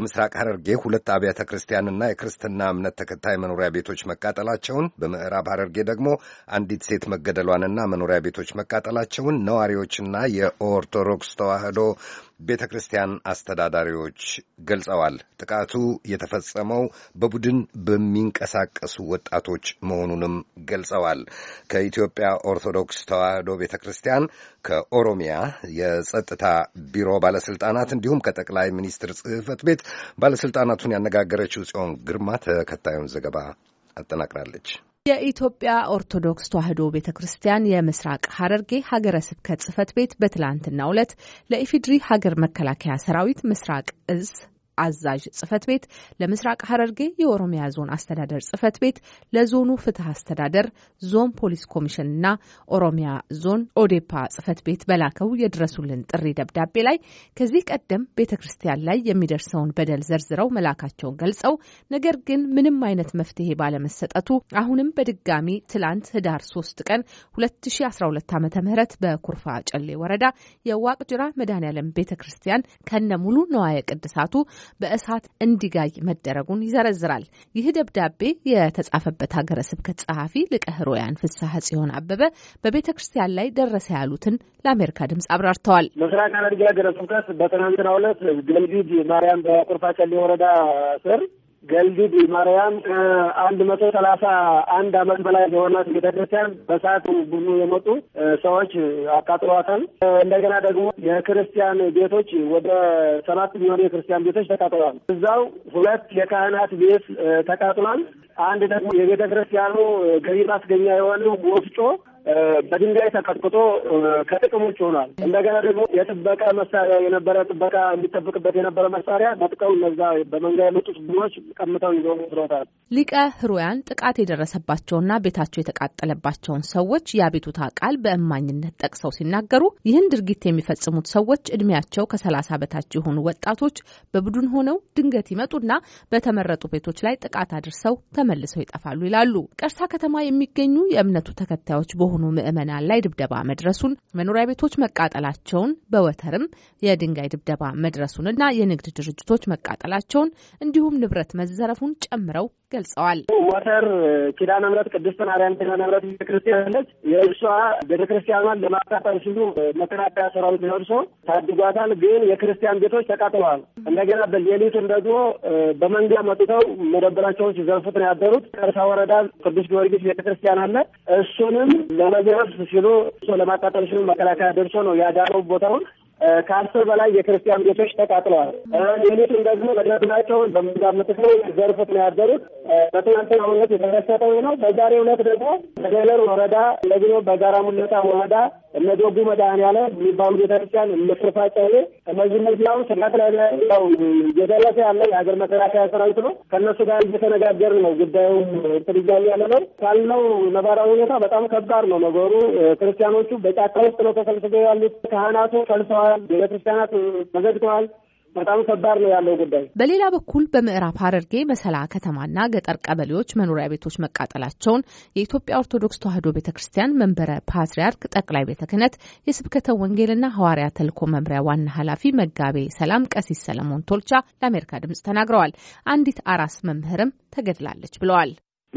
በምስራቅ ሐረርጌ ሁለት አብያተ ክርስቲያንና የክርስትና እምነት ተከታይ መኖሪያ ቤቶች መቃጠላቸውን፣ በምዕራብ ሐረርጌ ደግሞ አንዲት ሴት መገደሏንና መኖሪያ ቤቶች መቃጠላቸውን ነዋሪዎችና የኦርቶዶክስ ተዋህዶ ቤተ ክርስቲያን አስተዳዳሪዎች ገልጸዋል። ጥቃቱ የተፈጸመው በቡድን በሚንቀሳቀሱ ወጣቶች መሆኑንም ገልጸዋል። ከኢትዮጵያ ኦርቶዶክስ ተዋሕዶ ቤተ ክርስቲያን፣ ከኦሮሚያ የጸጥታ ቢሮ ባለስልጣናት እንዲሁም ከጠቅላይ ሚኒስትር ጽሕፈት ቤት ባለስልጣናቱን ያነጋገረችው ጽዮን ግርማ ተከታዩን ዘገባ አጠናቅራለች። የኢትዮጵያ ኦርቶዶክስ ተዋሕዶ ቤተ ክርስቲያን የምስራቅ ሐረርጌ ሀገረ ስብከት ጽሕፈት ቤት በትላንትናው ዕለት ለኢፌዴሪ ሀገር መከላከያ ሰራዊት ምስራቅ እዝ አዛዥ ጽፈት ቤት፣ ለምስራቅ ሐረርጌ የኦሮሚያ ዞን አስተዳደር ጽፈት ቤት፣ ለዞኑ ፍትህ አስተዳደር፣ ዞን ፖሊስ ኮሚሽንና ኦሮሚያ ዞን ኦዴፓ ጽፈት ቤት በላከው የድረሱልን ጥሪ ደብዳቤ ላይ ከዚህ ቀደም ቤተ ክርስቲያን ላይ የሚደርሰውን በደል ዘርዝረው መላካቸውን ገልጸው ነገር ግን ምንም አይነት መፍትሄ ባለመሰጠቱ አሁንም በድጋሚ ትላንት ህዳር 3 ቀን 2012 ዓ ም በኩርፋ ጨሌ ወረዳ የዋቅጅራ መድኃኔ ዓለም ቤተ ክርስቲያን ከነ ሙሉ ነዋየ ቅድሳቱ በእሳት እንዲጋይ መደረጉን ይዘረዝራል። ይህ ደብዳቤ የተጻፈበት ሀገረ ስብከት ጸሐፊ ሊቀ ሕሩያን ፍስሐ ጽዮን አበበ በቤተ ክርስቲያን ላይ ደረሰ ያሉትን ለአሜሪካ ድምፅ አብራርተዋል። ምስራቅ ሐረርጌ ሀገረ ስብከት በትናንትናው ዕለት ገምጊድ ማርያም በኩርፋ ጨሌ ወረዳ ስር ገልዲድ ማርያም ከአንድ መቶ ሰላሳ አንድ አመት በላይ በሆናት ቤተክርስቲያን በሰዓቱ ብዙ የመጡ ሰዎች አቃጥሏታል። እንደገና ደግሞ የክርስቲያን ቤቶች ወደ ሰባት የሚሆኑ የክርስቲያን ቤቶች ተቃጥሏል። እዛው ሁለት የካህናት ቤት ተቃጥሏል። አንድ ደግሞ የቤተ ክርስቲያኑ ገቢ ማስገኛ የሆነ ወፍጮ በድንጋይ ተቀጥቅጦ ከጥቅም ውጭ ሆኗል። እንደገና ደግሞ የጥበቃ መሳሪያ የነበረ ጥበቃ እንዲጠብቅበት የነበረ መሳሪያ መጥቀው እነዛ በመንጋ የመጡት ቡድኖች ቀምተው ይዞ ብሎታል። ሊቀ ህሩያን ጥቃት የደረሰባቸውና ቤታቸው የተቃጠለባቸውን ሰዎች የአቤቱታ ቃል በእማኝነት ጠቅሰው ሲናገሩ ይህን ድርጊት የሚፈጽሙት ሰዎች እድሜያቸው ከሰላሳ በታች የሆኑ ወጣቶች በቡድን ሆነው ድንገት ይመጡና በተመረጡ ቤቶች ላይ ጥቃት አድርሰው ተመልሰው ይጠፋሉ ይላሉ። ቀርሳ ከተማ የሚገኙ የእምነቱ ተከታዮች በሆኑ ምዕመናን ላይ ድብደባ መድረሱን፣ መኖሪያ ቤቶች መቃጠላቸውን፣ በወተርም የድንጋይ ድብደባ መድረሱንና የንግድ ድርጅቶች መቃጠላቸውን እንዲሁም ንብረት መዘረፉን ጨምረው ገልጸዋል። ሞተር ኪዳነ ምሕረት ቅድስት ማርያም ኪዳነ ምሕረት ቤተክርስቲያን አለች። የእሷ ቤተክርስቲያኗን ለማቃጠል ሲሉ መከላከያ ሰራዊት ደርሶ ታድጓታል። ግን የክርስቲያን ቤቶች ተቃጥለዋል። እንደገና በሌሊቱን ደግሞ በመንጋ መጥተው መደብራቸውን ሲዘርፉት ነው ያደሩት። ቀርሳ ወረዳ ቅዱስ ጊዮርጊስ ቤተክርስቲያን አለ። እሱንም ለመዘረፍ ሲሉ ለማቃጠል ሲሉ መከላከያ ደርሶ ነው ያዳረው ቦታውን። ከአስር በላይ የክርስቲያን ቤቶች ተቃጥለዋል። ሌሊቱን ደግሞ ንብረታቸውን በምዛ ምትክ ዘርፉት ነው ያደሩት። በትናንትና ዕለት የተከሰተው ነው። በዛሬ እውነት ደግሞ በደለር ወረዳ እንደዚህ በጋራ ሙለታ ወረዳ እነ ዶጉ መድኃኔዓለም የሚባሉ ቤተክርስቲያን እነ ትርፋ እነዚህ እነዚህ አሁን ስጋት ላይ ያው እየደረሰ ያለ የሀገር መከላከያ ሰራዊት ነው። ከእነሱ ጋር እየተነጋገር ነው ጉዳዩም ትርያሉ ያለ ነው ካልነው ነባራዊ ሁኔታ በጣም ከባድ ነው ነገሩ። ክርስቲያኖቹ በጫካ ውስጥ ነው ተሰልስበው ያሉት። ካህናቱ ፈልሰዋል። ቤተክርስቲያናት ተዘግተዋል። በጣም ከባድ ነው ያለው ጉዳይ። በሌላ በኩል በምዕራብ ሐረርጌ መሰላ ከተማና ገጠር ቀበሌዎች መኖሪያ ቤቶች መቃጠላቸውን የኢትዮጵያ ኦርቶዶክስ ተዋሕዶ ቤተ ክርስቲያን መንበረ ፓትርያርክ ጠቅላይ ቤተ ክህነት የስብከተ ወንጌልና ሐዋርያ ተልእኮ መምሪያ ዋና ኃላፊ መጋቤ ሰላም ቀሲስ ሰለሞን ቶልቻ ለአሜሪካ ድምጽ ተናግረዋል። አንዲት አራስ መምህርም ተገድላለች ብለዋል።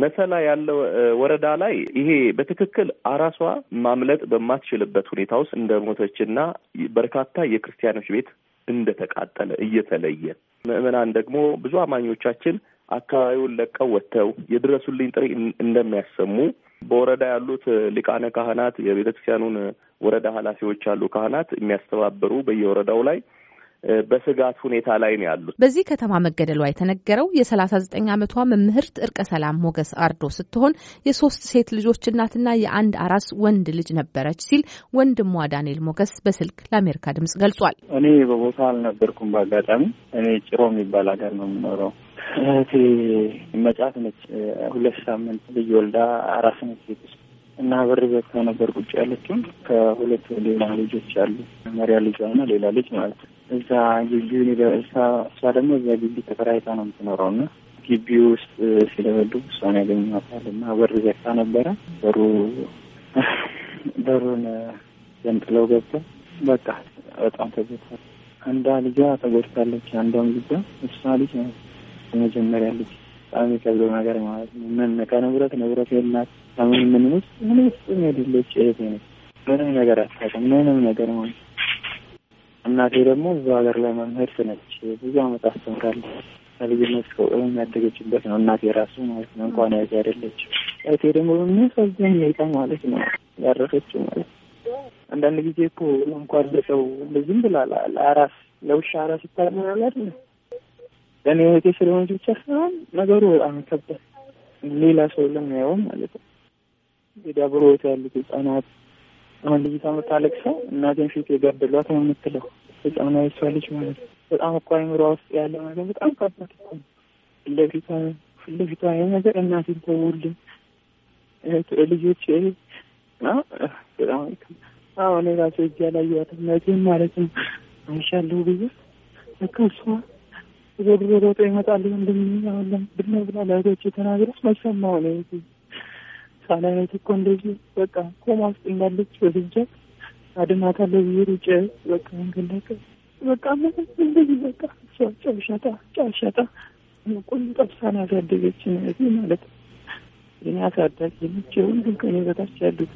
መሰላ ያለው ወረዳ ላይ ይሄ በትክክል አራሷ ማምለጥ በማትችልበት ሁኔታ ውስጥ እንደ ሞተች እና በርካታ የክርስቲያኖች ቤት እንደተቃጠለ እየተለየ ምዕመናን ደግሞ ብዙ አማኞቻችን አካባቢውን ለቀው ወጥተው የድረሱልኝ ጥሪ እንደሚያሰሙ በወረዳ ያሉት ሊቃነ ካህናት የቤተክርስቲያኑን ወረዳ ኃላፊዎች ያሉ ካህናት የሚያስተባብሩ በየወረዳው ላይ በስጋት ሁኔታ ላይ ነው ያሉት። በዚህ ከተማ መገደሏ የተነገረው የሰላሳ ዘጠኝ ዓመቷ መምህርት እርቀ ሰላም ሞገስ አርዶ ስትሆን የሶስት ሴት ልጆች እናትና የአንድ አራስ ወንድ ልጅ ነበረች ሲል ወንድሟ ዳንኤል ሞገስ በስልክ ለአሜሪካ ድምጽ ገልጿል። እኔ በቦታ አልነበርኩም። በአጋጣሚ እኔ ጭሮ የሚባል ሀገር ነው የምኖረው። እህቴ መጫት ነች። ሁለት ሳምንት ልጅ ወልዳ አራስ ነች ሴት ውስጥ እና በር ቤት ከነበር ቁጭ ያለችው። ከሁለት ሌላ ልጆች አሉ። መሪያ ልጅ ሆነ ሌላ ልጅ ማለት ነው እዛ ግቢ እሷ ደግሞ እዛ ግቢ ተከራይታ ነው የምትኖረው እና ግቢ ውስጥ ሲለበዱ እሷን ያገኘኋታል እና በር ዘግታ ነበረ። በሩ በሩን ዘንጥለው ገብተው በቃ በጣም ተጎድታል። አንዷ ልጇ ተጎድታለች። አንዷም ልጇ እሷ ልጅ የመጀመሪያ ልጅ በጣም የከብደው ነገር ማለት ነው። ምን ከንብረት ንብረት የላት ከምን ምን ውስጥ ምን ውስጥ ሄድለች እህቴ ነች። ምንም ነገር አታውቅም። ምንም ነገር ማለት እናቴ ደግሞ እዛ ሀገር ላይ መምህር ስነች ብዙ አመት አስተምራለች። ከልጅነት ያደገችበት ነው እናቴ ራሱ ማለት ነው። እንኳን ያዚ አይደለችም። እህቴ ደግሞ በሚያሳዝን ሁኔታ ማለት ነው ያረፈችው ማለት አንዳንድ ጊዜ እኮ እንኳን ለሰው እንደዚህም ብላ ለአራስ ለውሻ አራስ ይታለናል አይደለ? ለእኔ እህቴ ስለሆነች ብቻ ሳይሆን ነገሩ በጣም ይከብዳል። ሌላ ሰው ለሚያየውም ማለት ነው የዳብሮት ያሉት ህጻናት አሁን ልጅቷ የምታለቅሰው እናቴን ፊት የገደሏት ነው የምትለው ህጻና የሷ ልጅ ማለት ነው። በጣም እኮ አይምሯ ውስጥ ያለ ነገር በጣም ከባድ እኮ ነው። ለፊቷ ለፊቷ ይሄ ነገር እናቴን ተውልኝ ልጆች በጣም አሁን ራሱ እጅ ያላየኋትም መቼም ማለት ነው አይሻለሁ ብዬ በቃ እሷ ወደ ሮጦ ይመጣል ብላ ለእህቶቼ ተናግረስ መሰማው ነው ሳላይ ናት እኮ እንደዚህ በቃ ኮማ ውስጥ እንዳለች በድጃት አድናታለሁ ብዬ ሩጬ በቃ መንገላቀ በቃ እንደዚህ በቃ እሷ ጨብሻጣ ጫሻጣ ቁም ጠብሳን ያሳደገችን እዚህ ማለት እኔ አሳዳጊ ነች። ሁሉም ከኔ በታች ያሉት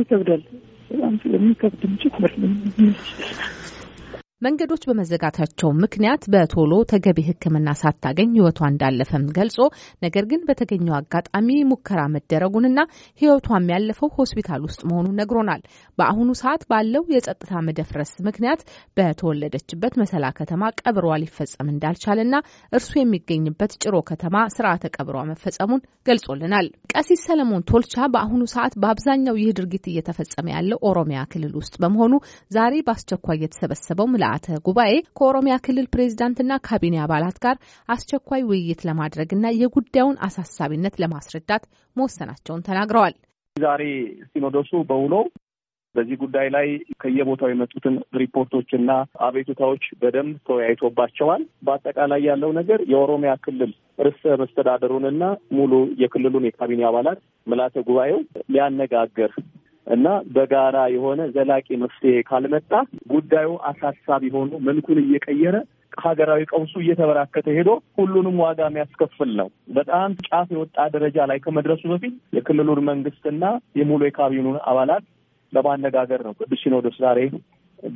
ይከብዳል። በጣም ስለሚከብድም ጭምር መንገዶች በመዘጋታቸው ምክንያት በቶሎ ተገቢ ሕክምና ሳታገኝ ህይወቷ እንዳለፈም ገልጾ ነገር ግን በተገኘው አጋጣሚ ሙከራ መደረጉንና ህይወቷ ያለፈው ሆስፒታል ውስጥ መሆኑን ነግሮናል። በአሁኑ ሰዓት ባለው የጸጥታ መደፍረስ ምክንያት በተወለደችበት መሰላ ከተማ ቀብሯ ሊፈጸም እንዳልቻለና እርሱ የሚገኝበት ጭሮ ከተማ ስርዓተ ቀብሯ መፈጸሙን ገልጾልናል። ቀሲስ ሰለሞን ቶልቻ በአሁኑ ሰዓት በአብዛኛው ይህ ድርጊት እየተፈጸመ ያለው ኦሮሚያ ክልል ውስጥ በመሆኑ ዛሬ በአስቸኳይ የተሰበሰበው ምልአተ ጉባኤ ከኦሮሚያ ክልል ፕሬዚዳንትና ካቢኔ አባላት ጋር አስቸኳይ ውይይት ለማድረግና የጉዳዩን አሳሳቢነት ለማስረዳት መወሰናቸውን ተናግረዋል። ዛሬ ሲኖዶሱ በውሎ በዚህ ጉዳይ ላይ ከየቦታው የመጡትን ሪፖርቶችና አቤቱታዎች በደንብ ተወያይቶባቸዋል። በአጠቃላይ ያለው ነገር የኦሮሚያ ክልል ርዕሰ መስተዳደሩንና ሙሉ የክልሉን የካቢኔ አባላት ምልአተ ጉባኤው ሊያነጋግር እና በጋራ የሆነ ዘላቂ መፍትሄ ካልመጣ ጉዳዩ አሳሳቢ ሆኖ መልኩን እየቀየረ ሀገራዊ ቀውሱ እየተበራከተ ሄዶ ሁሉንም ዋጋ የሚያስከፍል ነው። በጣም ጫፍ የወጣ ደረጃ ላይ ከመድረሱ በፊት የክልሉን መንግስትና የሙሉ የካቢኑን አባላት ለማነጋገር ነው ቅዱስ ሲኖዶስ ዛሬ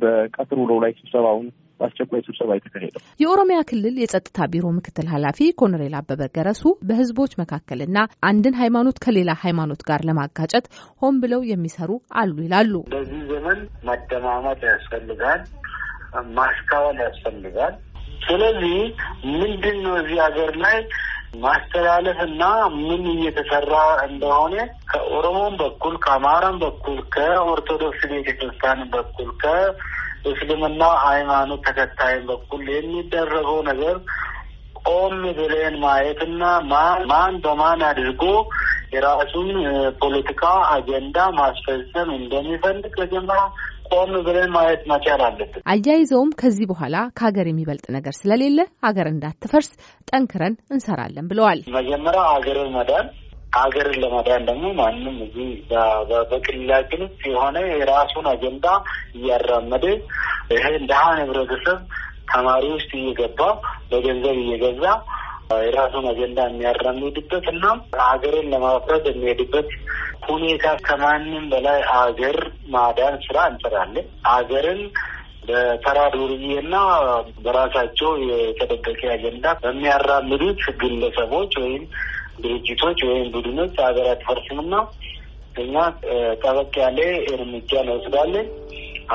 በቀትር ውሎ ላይ ስብሰባውን በአስቸኳይ ስብሰባ የተካሄደው። የኦሮሚያ ክልል የጸጥታ ቢሮ ምክትል ኃላፊ ኮሎኔል አበበ ገረሱ በህዝቦች መካከልና አንድን ሃይማኖት ከሌላ ሃይማኖት ጋር ለማጋጨት ሆን ብለው የሚሰሩ አሉ ይላሉ። በዚህ ዘመን መደማመጥ ያስፈልጋል፣ ማስካወል ያስፈልጋል። ስለዚህ ምንድን ነው እዚህ ሀገር ላይ ማስተላለፍ እና ምን እየተሰራ እንደሆነ ከኦሮሞም በኩል ከአማራም በኩል ከኦርቶዶክስ ቤተክርስቲያን በኩል ከ እስልምና ሃይማኖት ተከታይም በኩል የሚደረገው ነገር ቆም ብለን ማየትና ማን በማን አድርጎ የራሱን ፖለቲካ አጀንዳ ማስፈጸም እንደሚፈልግ ለጀመራ ቆም ብለን ማየት መቻል አለብን። አያይዘውም ከዚህ በኋላ ከሀገር የሚበልጥ ነገር ስለሌለ ሀገር እንዳትፈርስ ጠንክረን እንሰራለን ብለዋል። መጀመሪያ ሀገርን መዳን ሀገርን ለማዳን ደግሞ ማንም እዚህ በክልላችን የሆነ የራሱን አጀንዳ እያራመደ ይሄ እንደ ህብረተሰብ ተማሪ ውስጥ እየገባ በገንዘብ እየገዛ የራሱን አጀንዳ የሚያራምድበት እና ሀገርን ለማፍረት የሚሄድበት ሁኔታ ከማንም በላይ ሀገር ማዳን ስራ እንሰራለን። ሀገርን በተራ ዱርዬና በራሳቸው የተደበቀ አጀንዳ በሚያራምዱት ግለሰቦች ወይም ድርጅቶች ወይም ቡድኖች ሀገር አትፈርስምና እኛ ጠበቅ ያለ እርምጃ እንወስዳለን።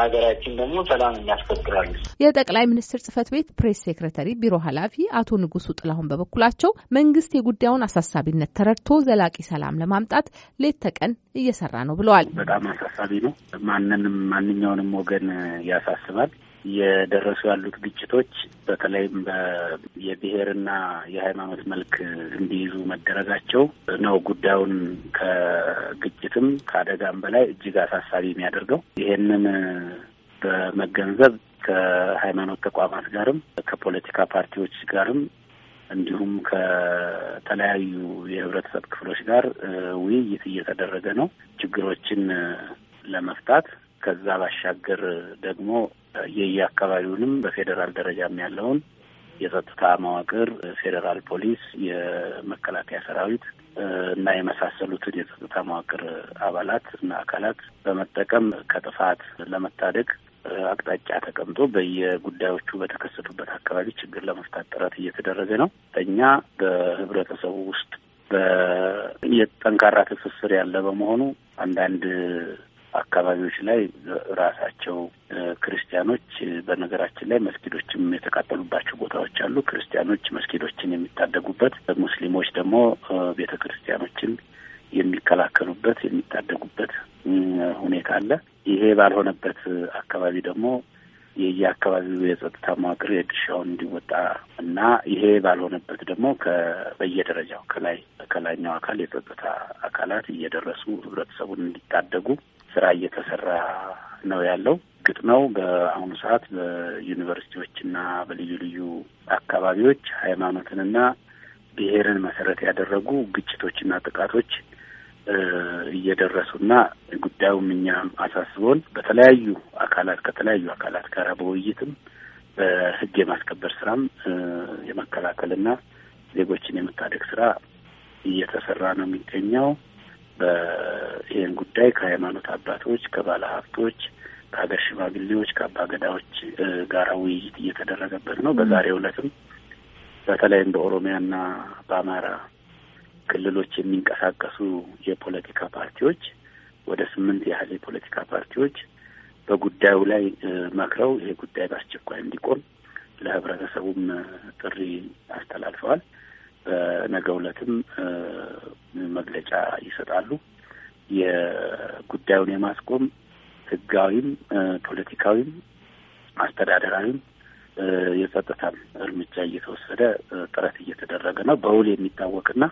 ሀገራችን ደግሞ ሰላም እናስከብራለን። የጠቅላይ ሚኒስትር ጽህፈት ቤት ፕሬስ ሴክረተሪ ቢሮ ኃላፊ አቶ ንጉሱ ጥላሁን በበኩላቸው መንግስት የጉዳዩን አሳሳቢነት ተረድቶ ዘላቂ ሰላም ለማምጣት ሌት ተቀን እየሰራ ነው ብለዋል። በጣም አሳሳቢ ነው። ማንንም ማንኛውንም ወገን ያሳስባል። እየደረሱ ያሉት ግጭቶች በተለይም የብሔርና የሃይማኖት መልክ እንዲይዙ መደረጋቸው ነው ጉዳዩን ከግጭትም ከአደጋም በላይ እጅግ አሳሳቢ የሚያደርገው። ይሄንን በመገንዘብ ከሃይማኖት ተቋማት ጋርም ከፖለቲካ ፓርቲዎች ጋርም እንዲሁም ከተለያዩ የህብረተሰብ ክፍሎች ጋር ውይይት እየተደረገ ነው ችግሮችን ለመፍታት ከዛ ባሻገር ደግሞ የየአካባቢውንም በፌዴራል ደረጃም ያለውን የጸጥታ መዋቅር ፌዴራል ፖሊስ፣ የመከላከያ ሰራዊት እና የመሳሰሉትን የጸጥታ መዋቅር አባላት እና አካላት በመጠቀም ከጥፋት ለመታደግ አቅጣጫ ተቀምጦ በየጉዳዮቹ በተከሰቱበት አካባቢ ችግር ለመፍታት ጥረት እየተደረገ ነው። እኛ በህብረተሰቡ ውስጥ በየጠንካራ ትስስር ያለ በመሆኑ አንዳንድ አካባቢዎች ላይ ራሳቸው ክርስቲያኖች በነገራችን ላይ መስጊዶችም የተቃጠሉባቸው ቦታዎች አሉ። ክርስቲያኖች መስጊዶችን የሚታደጉበት፣ ሙስሊሞች ደግሞ ቤተ ክርስቲያኖችን የሚከላከሉበት የሚታደጉበት ሁኔታ አለ። ይሄ ባልሆነበት አካባቢ ደግሞ የየአካባቢው የጸጥታ መዋቅር የድርሻውን እንዲወጣ እና ይሄ ባልሆነበት ደግሞ በየደረጃው ከላይ ከላይኛው አካል የጸጥታ አካላት እየደረሱ ህብረተሰቡን እንዲታደጉ ስራ እየተሰራ ነው ያለው። እርግጥ ነው በአሁኑ ሰዓት በዩኒቨርሲቲዎችና በልዩ ልዩ አካባቢዎች ሃይማኖትንና ብሔርን መሰረት ያደረጉ ግጭቶችና ጥቃቶች እየደረሱና ጉዳዩም እኛም አሳስቦን በተለያዩ አካላት ከተለያዩ አካላት ጋር በውይይትም በህግ የማስከበር ስራም የመከላከልና ዜጎችን የመታደግ ስራ እየተሰራ ነው የሚገኘው። ይህን ጉዳይ ከሃይማኖት አባቶች፣ ከባለ ሀብቶች፣ ከሀገር ሽማግሌዎች፣ ከአባ ገዳዎች ጋር ውይይት እየተደረገበት ነው። በዛሬው ዕለትም በተለይም በኦሮሚያና በአማራ ክልሎች የሚንቀሳቀሱ የፖለቲካ ፓርቲዎች ወደ ስምንት ያህል የፖለቲካ ፓርቲዎች በጉዳዩ ላይ መክረው ይሄ ጉዳይ በአስቸኳይ እንዲቆም ለህብረተሰቡም ጥሪ አስተላልፈዋል። በነገ ዕለትም መግለጫ ይሰጣሉ። የጉዳዩን የማስቆም ህጋዊም፣ ፖለቲካዊም፣ አስተዳደራዊም የጸጥታም እርምጃ እየተወሰደ ጥረት እየተደረገ ነው። በውል የሚታወቅና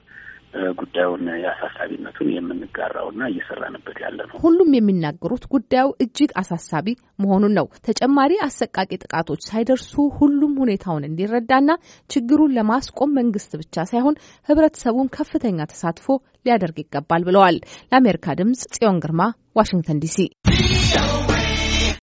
ጉዳዩን የአሳሳቢነቱን የምንጋራውና እየሰራንበት ያለ ነው። ሁሉም የሚናገሩት ጉዳዩ እጅግ አሳሳቢ መሆኑን ነው። ተጨማሪ አሰቃቂ ጥቃቶች ሳይደርሱ ሁሉም ሁኔታውን እንዲረዳና ችግሩን ለማስቆም መንግስት ብቻ ሳይሆን ህብረተሰቡን ከፍተኛ ተሳትፎ ሊያደርግ ይገባል ብለዋል። ለአሜሪካ ድምጽ ጽዮን ግርማ ዋሽንግተን ዲሲ